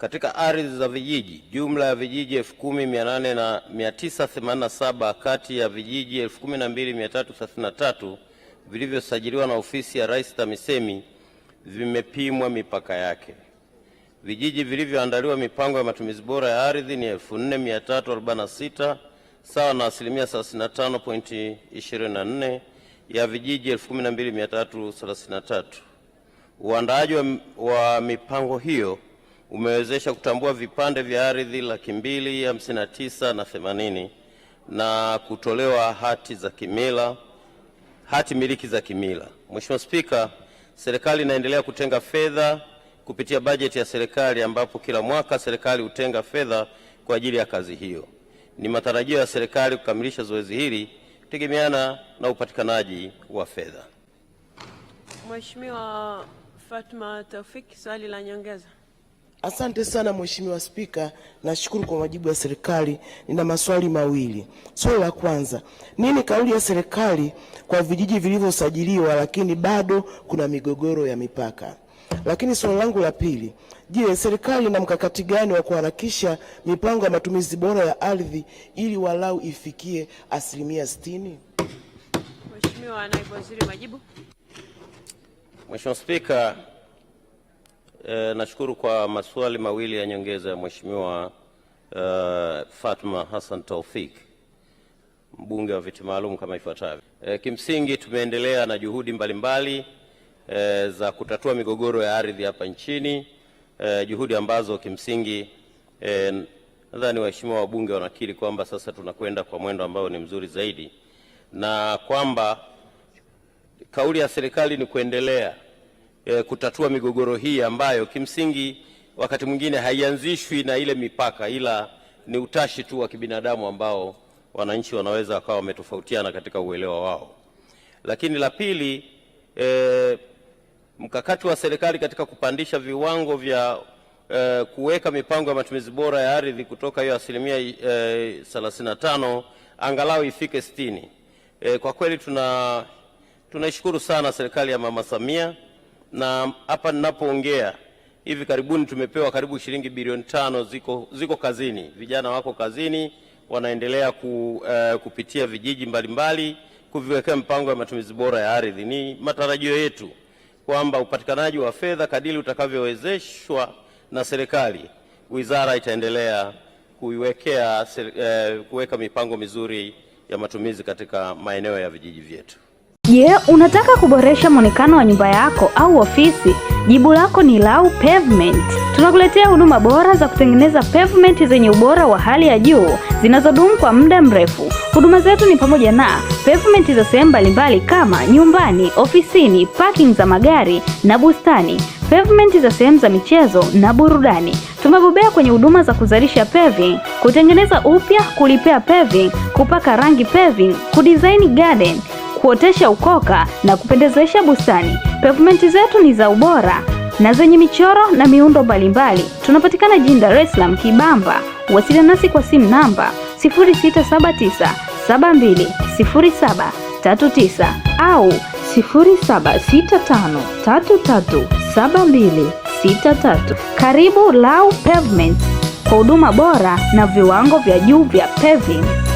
katika ardhi za vijiji jumla ya vijiji 10,800 kati ya vijiji 12,333 vilivyosajiliwa na ofisi ya Rais TAMISEMI vimepimwa mipaka yake. Vijiji vilivyoandaliwa mipango ya matumizi bora ya ardhi ni 4346 sawa na asilimia 35.24 ya vijiji 12333. Uandaaji wa mipango hiyo umewezesha kutambua vipande vya ardhi laki mbili hamsini na tisa na themanini na kutolewa hati za kimila, hati miliki za kimila. Mheshimiwa Spika, serikali inaendelea kutenga fedha kupitia bajeti ya serikali ambapo kila mwaka serikali hutenga fedha kwa ajili ya kazi hiyo. Ni matarajio ya serikali kukamilisha zoezi hili kutegemeana na upatikanaji wa fedha. Mheshimiwa Fatma Taufik, swali la nyongeza. Asante sana Mheshimiwa Spika, nashukuru kwa majibu ya serikali. Nina maswali mawili. Swali la kwanza, nini kauli ya serikali kwa vijiji vilivyosajiliwa lakini bado kuna migogoro ya mipaka? Lakini swali langu la pili, je, serikali ina mkakati gani wa kuharakisha mipango ya matumizi bora ya ardhi ili walau ifikie asilimia sitini? Mheshimiwa Naibu Waziri, majibu. Mheshimiwa Spika E, nashukuru kwa maswali mawili ya nyongeza ya Mheshimiwa e, Fatma Hassan Taufik mbunge wa viti maalum kama ifuatavyo. E, kimsingi tumeendelea na juhudi mbalimbali mbali, e, za kutatua migogoro ya ardhi hapa nchini e, juhudi ambazo kimsingi e, nadhani waheshimiwa wabunge wanakiri kwamba sasa tunakwenda kwa mwendo ambao ni mzuri zaidi na kwamba kauli ya serikali ni kuendelea e, kutatua migogoro hii ambayo kimsingi wakati mwingine haianzishwi na ile mipaka, ila ni utashi tu wa kibinadamu ambao wananchi wanaweza wakawa wametofautiana katika uelewa wao. Lakini la pili, e, mkakati wa serikali katika kupandisha viwango vya e, kuweka mipango ya matumizi bora ya ardhi kutoka hiyo asilimia e, 35 angalau ifike 60. E, kwa kweli tuna tunaishukuru sana serikali ya Mama Samia na hapa ninapoongea hivi karibuni tumepewa karibu shilingi bilioni tano ziko, ziko kazini. Vijana wako kazini wanaendelea ku, uh, kupitia vijiji mbalimbali kuviwekea mpango ya matumizi bora ya ardhi. Ni matarajio yetu kwamba upatikanaji wa fedha kadiri utakavyowezeshwa na serikali, wizara itaendelea kuiwekea uh, kuweka mipango mizuri ya matumizi katika maeneo ya vijiji vyetu. Je, unataka kuboresha mwonekano wa nyumba yako au ofisi? Jibu lako ni Lau Pavement. Tunakuletea huduma bora za kutengeneza pavement zenye ubora wa hali ya juu zinazodumu kwa muda mrefu. Huduma zetu ni pamoja na pavement za sehemu mbalimbali kama nyumbani, ofisini, parking za magari na bustani, pavement za sehemu za michezo na burudani. Tumebobea kwenye huduma za kuzalisha paving, kutengeneza upya, kulipea paving, kupaka rangi paving, kudesign garden kuotesha ukoka na kupendezesha bustani. Pavementi zetu ni za ubora na zenye michoro na miundo mbalimbali. Tunapatikana jijini Dar es Salaam Kibamba. Wasiliana nasi kwa simu namba 0679720739 au 0765337263. Karibu Lau Pavement kwa huduma bora na viwango vya juu vya paving.